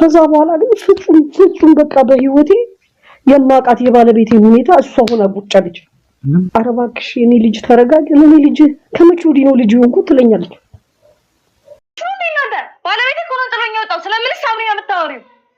ከዛ በኋላ ግን ፍጹም ፍጹም በቃ በህይወቴ የማውቃት የባለቤቴ ሁኔታ እሷ ሆና ቁጭ አለች። ኧረ እባክሽ የኔ ልጅ ተረጋጊ፣ እኔ ልጅ ከመቼ ወዲህ ነው ልጅ ሆንኩ ትለኛለች። ባለቤቴ እኮ ነው ጥሎኝ የወጣው። ስለምንስ አብሬ የምታወሪው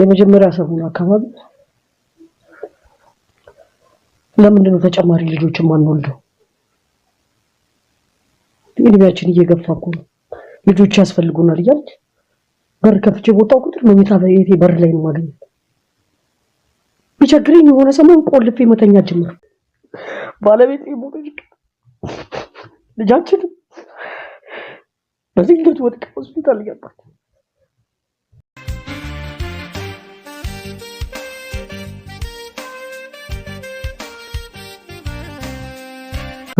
የመጀመሪያ ሰሞን አካባቢ ለምንድን ነው ተጨማሪ ልጆች የማንወልደው? እድሜያችን እየገፋ እኮ ነው፣ ልጆች ያስፈልጉናል እያለች በር ከፍቼ ቦታው ቁጥር መኝታ ቤቴ በር ላይ ነው ማገኘት። ቢቸግረኝ የሆነ ሰሞን ቆልፌ መተኛ ጀምር። ባለቤት ሞተች፣ ልጃችን በዚህ ልጅ ወድቃ ሆስፒታል እያጣች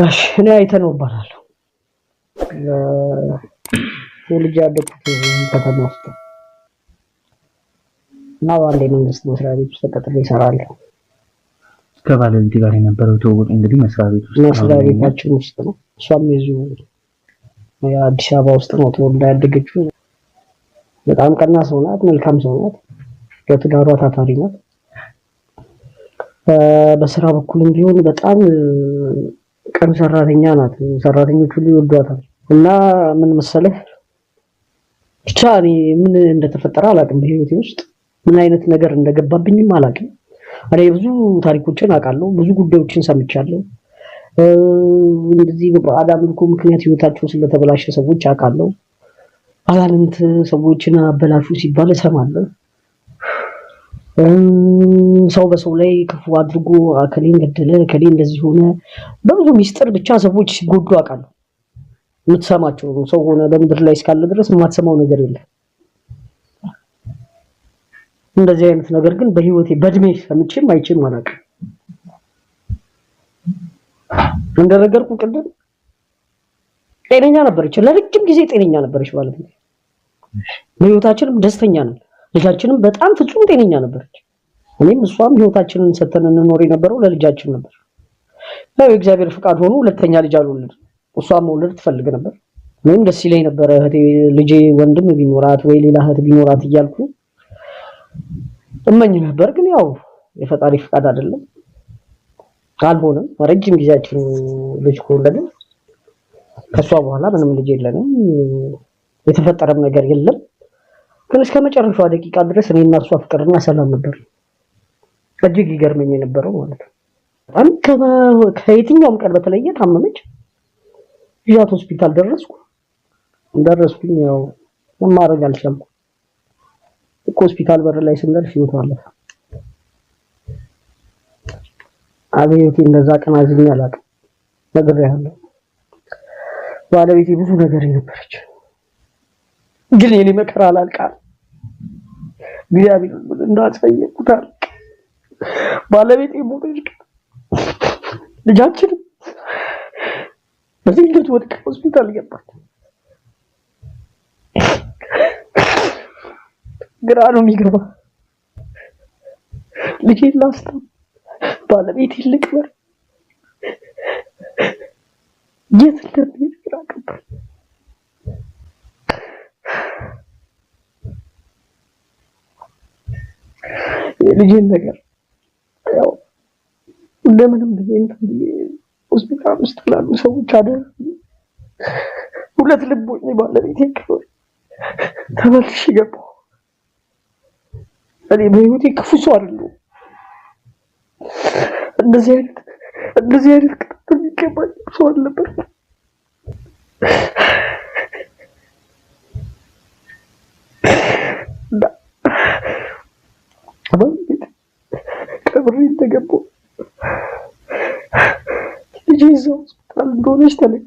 እኔ አይተህ ነው እባላለሁ። ልጅ ያደኩት ከተማ ውስጥ እና በአንድ የመንግስት መስሪያ ቤት ውስጥ ተቀጥሬ ይሰራለሁ። ከባለቤቴ ጋር የነበረው ትውውቅ እንግዲህ መስሪያ ቤት ውስጥ መስሪያ ቤታችን ውስጥ ነው። እሷም የዚሁ የአዲስ አበባ ውስጥ ነው ተወልዳ ያደገችው። በጣም ቀና ሰው ናት፣ መልካም ሰው ናት፣ ለትዳሯ ታታሪ ናት። በስራ በኩልም ቢሆን በጣም ቀን ሰራተኛ ናት። ሰራተኞች ሁሉ ይወዷታል። እና ምን መሰለህ ብቻ እኔ ምን እንደተፈጠረ አላውቅም። በህይወቴ ውስጥ ምን አይነት ነገር እንደገባብኝም አላውቅም። እኔ ብዙ ታሪኮችን አውቃለሁ፣ ብዙ ጉዳዮችን ሰምቻለሁ። እንደዚህ በባዕድ አምልኮ ምክንያት ህይወታቸው ስለተበላሸ ሰዎች አውቃለሁ። አጋንንት ሰዎችን አበላሹ ሲባል እሰማለሁ። ሰው በሰው ላይ ክፉ አድርጎ ከሌን ገደለ፣ ከሌ እንደዚህ ሆነ፣ በብዙ ሚስጥር ብቻ ሰዎች ሲጎዱ አውቃለሁ። የምትሰማቸው ሰው ሆነ በምድር ላይ እስካለ ድረስ የማትሰማው ነገር የለም። እንደዚህ አይነት ነገር ግን በህይወቴ በእድሜ ሰምቼም አይቼም አላውቅም። እንደነገርኩ ቅድም ጤነኛ ነበረች፣ ለረጅም ጊዜ ጤነኛ ነበረች ማለት ነው። በህይወታችንም ደስተኛ ነው። ልጃችንም በጣም ፍጹም ጤነኛ ነበረች። እኔም እሷም ህይወታችንን ሰተን እንኖር የነበረው ለልጃችን ነበር። ያው የእግዚአብሔር ፍቃድ ሆኖ ሁለተኛ ልጅ አልወለድም። እሷ መውለድ ትፈልግ ነበር፣ እኔም ደስ ይለኝ ነበረ። ልጄ ወንድም ቢኖራት ወይ ሌላ እህት ቢኖራት እያልኩ እመኝ ነበር። ግን ያው የፈጣሪ ፍቃድ አይደለም፣ አልሆነም። ረጅም ጊዜያችን ልጅ ከወለድን ከእሷ በኋላ ምንም ልጅ የለንም፣ የተፈጠረም ነገር የለም። ግን እስከ መጨረሻዋ ደቂቃ ድረስ እኔ እና እሷ ፍቅርና ሰላም ነበር። እጅግ ይገርመኝ የነበረው ማለት ነው። በጣም ከየትኛውም ቀን በተለየ ታመመች። ይዣት ሆስፒታል ደረስኩ። እንደረስኩኝ ያው ማድረግ አልቻልኩም። ልክ ሆስፒታል በር ላይ ስንደርስ ህይወቷ አለፈ። አቤቴ እንደዛ ቀን አዝኜ አላውቅም። ነግሬሃለሁ። ባለቤቴ ብዙ ነገር ነበረች። ግን የኔ መከራ አላልቃል። እግዚአብሔር እንዳስፈየኩት አልቅ ባለቤቴ ሞተች፣ ልጃችንም በድንገት ወድቃ ሆስፒታል ገባች። ግራ ነው የሚገባ። ልጄን ላስታ ባለቤቴን ልቅበር የት እንደሚ የልጅን ነገር ያው እንደምንም ብዬ እንትን ብዬ ሆስፒታል ውስጥ ላሉ ሰዎች አደራ ሁለት ልቦኝ ባለቤቴ ክፍል ተመልሼ ገባሁ። እኔ በህይወቴ ክፉ ሰው አይደለሁም። እንደዚህ አይነት እንደዚህ አይነት ክትትል የሚገባኝ ሰው አልነበርኩም። አማን ቤት ቀብሬ እንደገባሁ ልጄ እዛ ሆስፒታል እንደሆነች ተነገ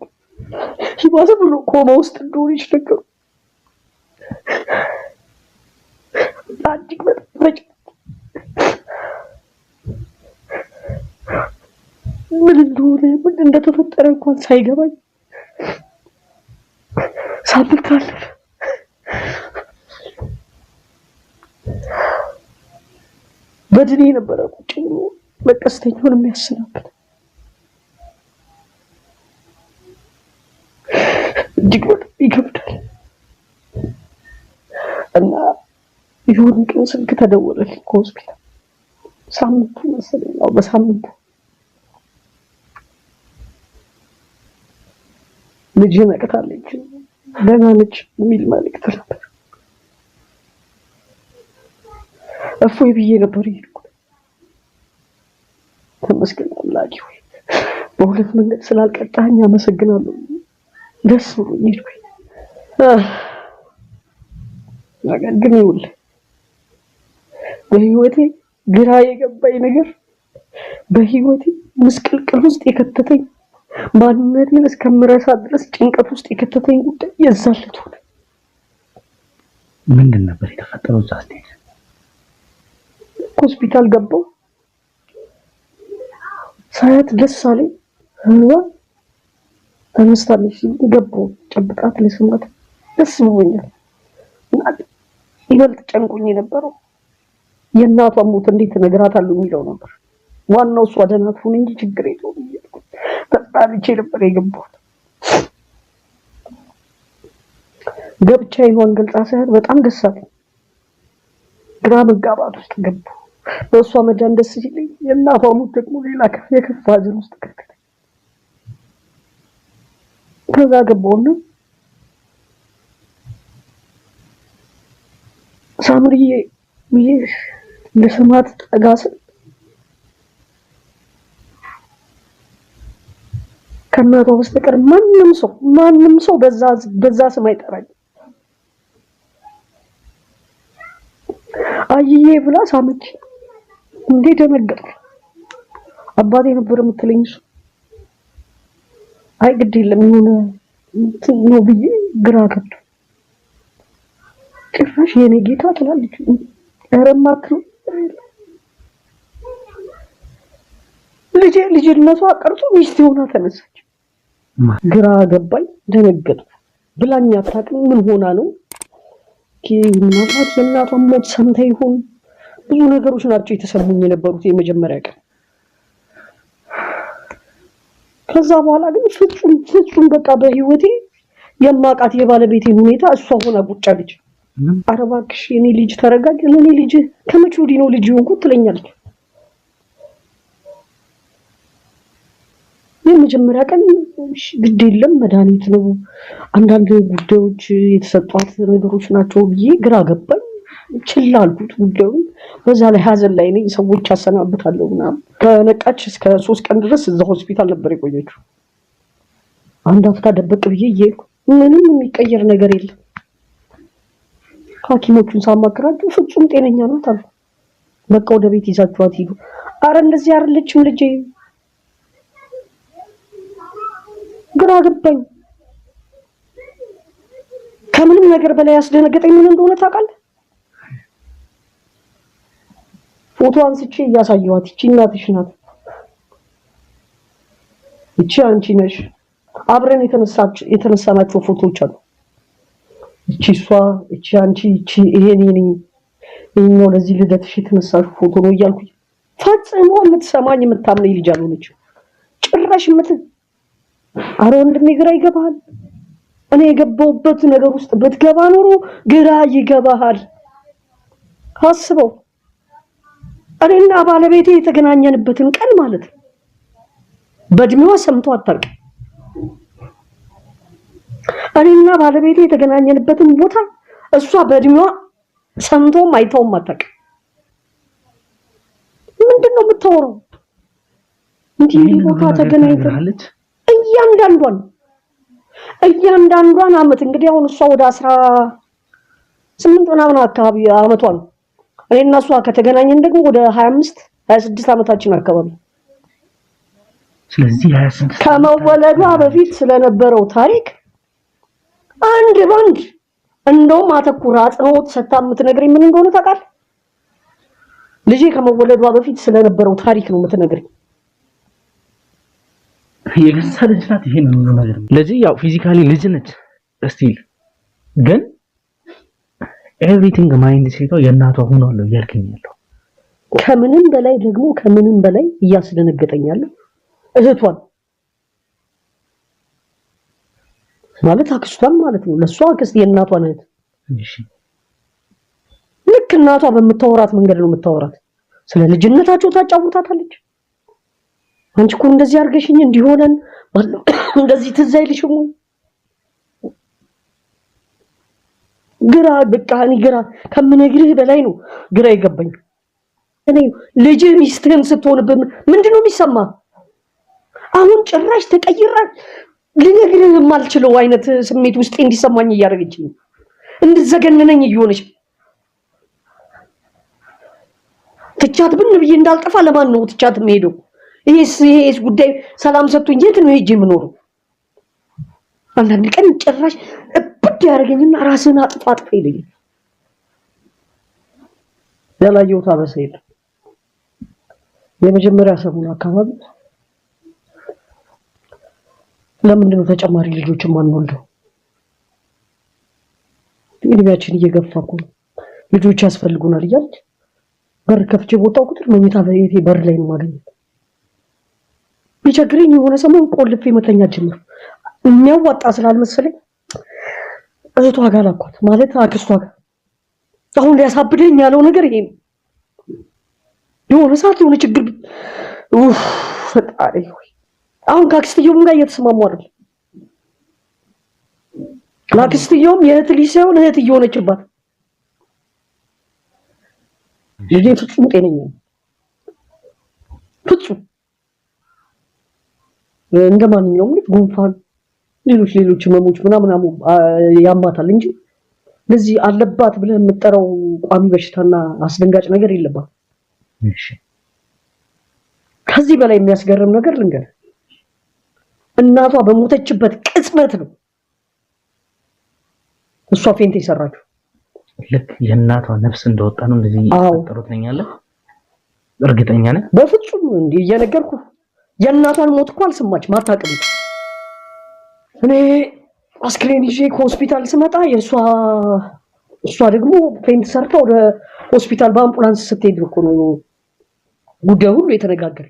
ይባስ ብሎ ኮማ ውስጥ እንደሆነች ነገሩ እጅግ በጣም ምን እንደሆነ ምን እንደተፈጠረ እንኳን ሳይገባኝ ሳምንት ካለፈ በድኔ የነበረ ቁጭ ብሎ መቀስተኛውን የሚያሰናበት እጅግ በጣም ይከብዳል። እና የሆነ ቀን ስልክ ተደወለልኝ ከሆስፒታል ሳምንቱ መሰለኝ በሳምንቱ ልጅ ነቅታለች፣ ደህና ነች የሚል መልዕክት ነበር። እፎይ ብዬ ነበር የሄድኩት። ተመስገን አምላኬ ሆይ በሁለት መንገድ ስላልቀጣኝ አመሰግናለሁ። ደስ ብሎኝ ሄድኩኝ። ነገር ግን ይኸውልህ በህይወቴ ግራ የገባኝ ነገር በህይወቴ ምስቅልቅል ውስጥ የከተተኝ ማንነቴን እስከምረሳ ድረስ ጭንቀት ውስጥ የከተተኝ ጉዳይ የዛን ዕለት ሆነ። ምንድን ነበር የተፈጠረው? እዛ ስትሄድ ሆስፒታል ገባው ሳያት ደስ አለኝ። ህልዋ ተነስታለች ገባው ጨብጣት ለስማት ደስ ብሎኛል። ይበልጥ ጨንቆኝ የነበረው የእናቷ ሞት እንዴት እነግራታለሁ የሚለው ነበር። ዋናው እሷ ደህና ትሁን እንጂ ችግር የለውም። ተጣልቼ ነበር የገባሁት። ገብቻ ይሆን ገልጻ ሳያት በጣም ደስ አለኝ። ግራ መጋባት ውስጥ ገባሁ። በእሷ መዳን ደስ ሲለኝ የእናቷ ሞት ደግሞ ሌላ ከፍ የከፋ ሀዘን ውስጥ ከተተኝ። ከዛ ገባውና ሳምሪዬ ብዬ ለሰማት ጠጋ ስል ከእናቷ በስተቀር ማንም ሰው ማንም ሰው በዛ በዛ ስም አይጠራኝ። አይዬ ብላ ሳመች። እንዴ ደነገጥኩ። አባቴ ነበር የምትለኝ እሱ። አይ ግድ የለም የሆነ ነው ብዬ ግራ ገብቶ ጭራሽ የኔ ጌታ ትላለች። ኧረ ማክሩ ልጅ ልጅነቷ ቀርቶ ሚስት ሆና ተነሳች። ግራ ገባኝ፣ ደነገጥኩ። ብላኛ አታውቅም። ምን ሆና ነው? ምናልባት የእናቷን ሞት ሰምታ ይሆን? ብዙ ነገሮች ናቸው የተሰሙኝ የነበሩት የመጀመሪያ ቀን። ከዛ በኋላ ግን ፍጹም ፍጹም በቃ በህይወቴ የማውቃት የባለቤቴ ሁኔታ እሷ ሆና ቁጫለች። ኧረ እባክሽ የኔ ልጅ ተረጋጅ፣ ለኔ ልጅ ከመቼ ወዲህ ነው ልጅ ሆንኩ ትለኛለች። የመጀመሪያ ቀን ግድ የለም መድኃኒት ነው አንዳንድ ጉዳዮች የተሰጧት ነገሮች ናቸው ብዬ ግራ ገባኝ። ችላ አልኩት ጉዳዩን። በዛ ላይ ሀዘን ላይ ነኝ፣ ሰዎች አሰናብታለሁ ምናምን። ከነቃች እስከ ሶስት ቀን ድረስ እዛ ሆስፒታል ነበር የቆየችው። አንድ አፍታ ደበቅ ብዬ እየሄድኩ ምንም የሚቀየር ነገር የለም። ሐኪሞቹን ሳማክራቸው ፍጹም ጤነኛ ናት አሉ። በቃ ወደ ቤት ይዛችኋት ሂዱ። አረ እንደዚህ አይደለችም ልጄ። ግራ ገባኝ። ከምንም ነገር በላይ ያስደነገጠኝ ምን እንደሆነ ታውቃለህ? ፎቶ አንስቼ እያሳየኋት ይቺ እናትሽ ናት፣ ይቺ አንቺ ነሽ። አብረን የተነሳናቸው ፎቶዎች አሉ። ይቺ እሷ፣ ይቺ አንቺ፣ ይቺ ይሄ እኔ ነኝ። ይሄኛው ለዚህ ልደትሽ የተነሳሽው ፎቶ ነው እያልኩ ፈጽሞ የምትሰማኝ የምታምነኝ ልጅ አልሆነችም። ጭራሽ ምት አረ ወንድሜ ግራ ይገባሃል። እኔ የገባሁበት ነገር ውስጥ ብትገባ ኖሮ ግራ ይገባሃል። አስበው። እኔና ባለቤቴ የተገናኘንበትን ቀን ማለት ነው። በእድሜዋ ሰምቶ አታውቅም። እኔና ባለቤቴ የተገናኘንበትን ቦታ እሷ በእድሜዋ ሰምቶም አይተውም አታውቅም። ምንድን ነው የምታወራው? እንዲህ ቦታ ተገናኝተናለች። እያንዳንዷን እያንዳንዷን አመት እንግዲህ አሁን እሷ ወደ አስራ ስምንት ምናምን አካባቢ አመቷ ነው እኔ እና እሷ ከተገናኘን ደግሞ ወደ 25 26 ዓመታችን አካባቢ ስለዚህ ከመወለዷ በፊት ስለነበረው ታሪክ አንድ ባንድ እንደውም አተኩራ አጽንኦት ሰታ የምትነግረኝ ምን እንደሆነ ታውቃለህ? ልጄ ከመወለዷ በፊት ስለነበረው ታሪክ ነው የምትነግረኝ። የገዛ ልጅ ናት። ይሄን ነው ነገር ልጅ ያው ፊዚካሊ ልጅ ነች እስቲል ግን ኤቭሪቲንግ ማይንድ ሴቷ የእናቷ ሆኗለሁ እያልከኝ ያለው ከምንም በላይ ደግሞ ከምንም በላይ እያስደነገጠኛለሁ እህቷን ማለት አክስቷን ማለት ነው። ለእሷ አክስት የእናቷን እህት ልክ እናቷ በምታወራት መንገድ ነው የምታወራት። ስለ ልጅነታቸው ታጫውታታለች። አንቺ እኮ እንደዚህ አድርገሽኝ እንዲሆነን እንደዚህ ትዝ አይልሽም ግራ በቃ እኔ ግራ ከምነግርህ በላይ ነው ግራ የገባኝ። እኔ ልጅህ ሚስትህም ስትሆንብህ ምንድን ነው የሚሰማ? አሁን ጭራሽ ተቀይራ ልነግርህ የማልችለው አይነት ስሜት ውስጤ እንዲሰማኝ እያደረገችኝ እንድዘገነነኝ እየሆነች ትቻት ብን ብዬ እንዳልጠፋ ለማን ነው ትቻት የምሄደው? ይሄስ ይሄስ ጉዳይ ሰላም ሰጥቶኝ የት ነው ሄጄ የምኖረው? አንዳንድ ቀን ጭራሽ ቁጭ ያደርገኝና ራስን አጥፋ አጥፋ ይለኛል። ያላየሁት አበሳ የለም። የመጀመሪያ ሰሙን አካባቢ ለምንድን ነው ተጨማሪ ልጆች ማንወልደው? እድሜያችን እየገፋ እኮ ነው፣ ልጆች ያስፈልጉናል እያለች በር ከፍቼ ቦታው ቁጥር መኝታ ቤቴ በር ላይ ነው የማገኘው። ቢቸግረኝ የሆነ ሰሞን ቆልፌ መተኛ ጀመርኩ። የሚያዋጣ ስላልመሰለኝ እህቷ ጋር ላኳት ማለት አክስቷ ጋር። አሁን ሊያሳብደኝ ያለው ነገር ይሄ ነው። የሆነ ሰዓት የሆነ ችግር ፈጣሪ ሆይ አሁን ከአክስትየውም ጋር እየተስማሙ አይደል? ለአክስትየውም የእህት ልጅ ሳይሆን እህት እየሆነችባት ልጄ ፍጹም ጤነኛ ነው። ፍጹም እንደ ማንኛውም ጉንፋን ሌሎች ሌሎች ህመሞች ምናምን ያማታል እንጂ ለዚህ አለባት ብለህ የምጠራው ቋሚ በሽታና አስደንጋጭ ነገር የለባት። ከዚህ በላይ የሚያስገርም ነገር ልንገር፣ እናቷ በሞተችበት ቅጽበት ነው እሷ ፌንት የሰራችው። ልክ የእናቷ ነፍስ እንደወጣ ነው እንደዚህ እየተፈጠሩት እርግጠኛ ነህ? በፍጹም እንዲህ እየነገርኩ የእናቷን ሞት እኮ አልሰማች ማታውቅም እኔ አስክሬን ይዤ ከሆስፒታል ስመጣ የእሷ እሷ ደግሞ ፌንት ሰርታ ወደ ሆስፒታል በአምቡላንስ ስትሄድ እኮ ነው ጉዳዩ ሁሉ የተነጋገረ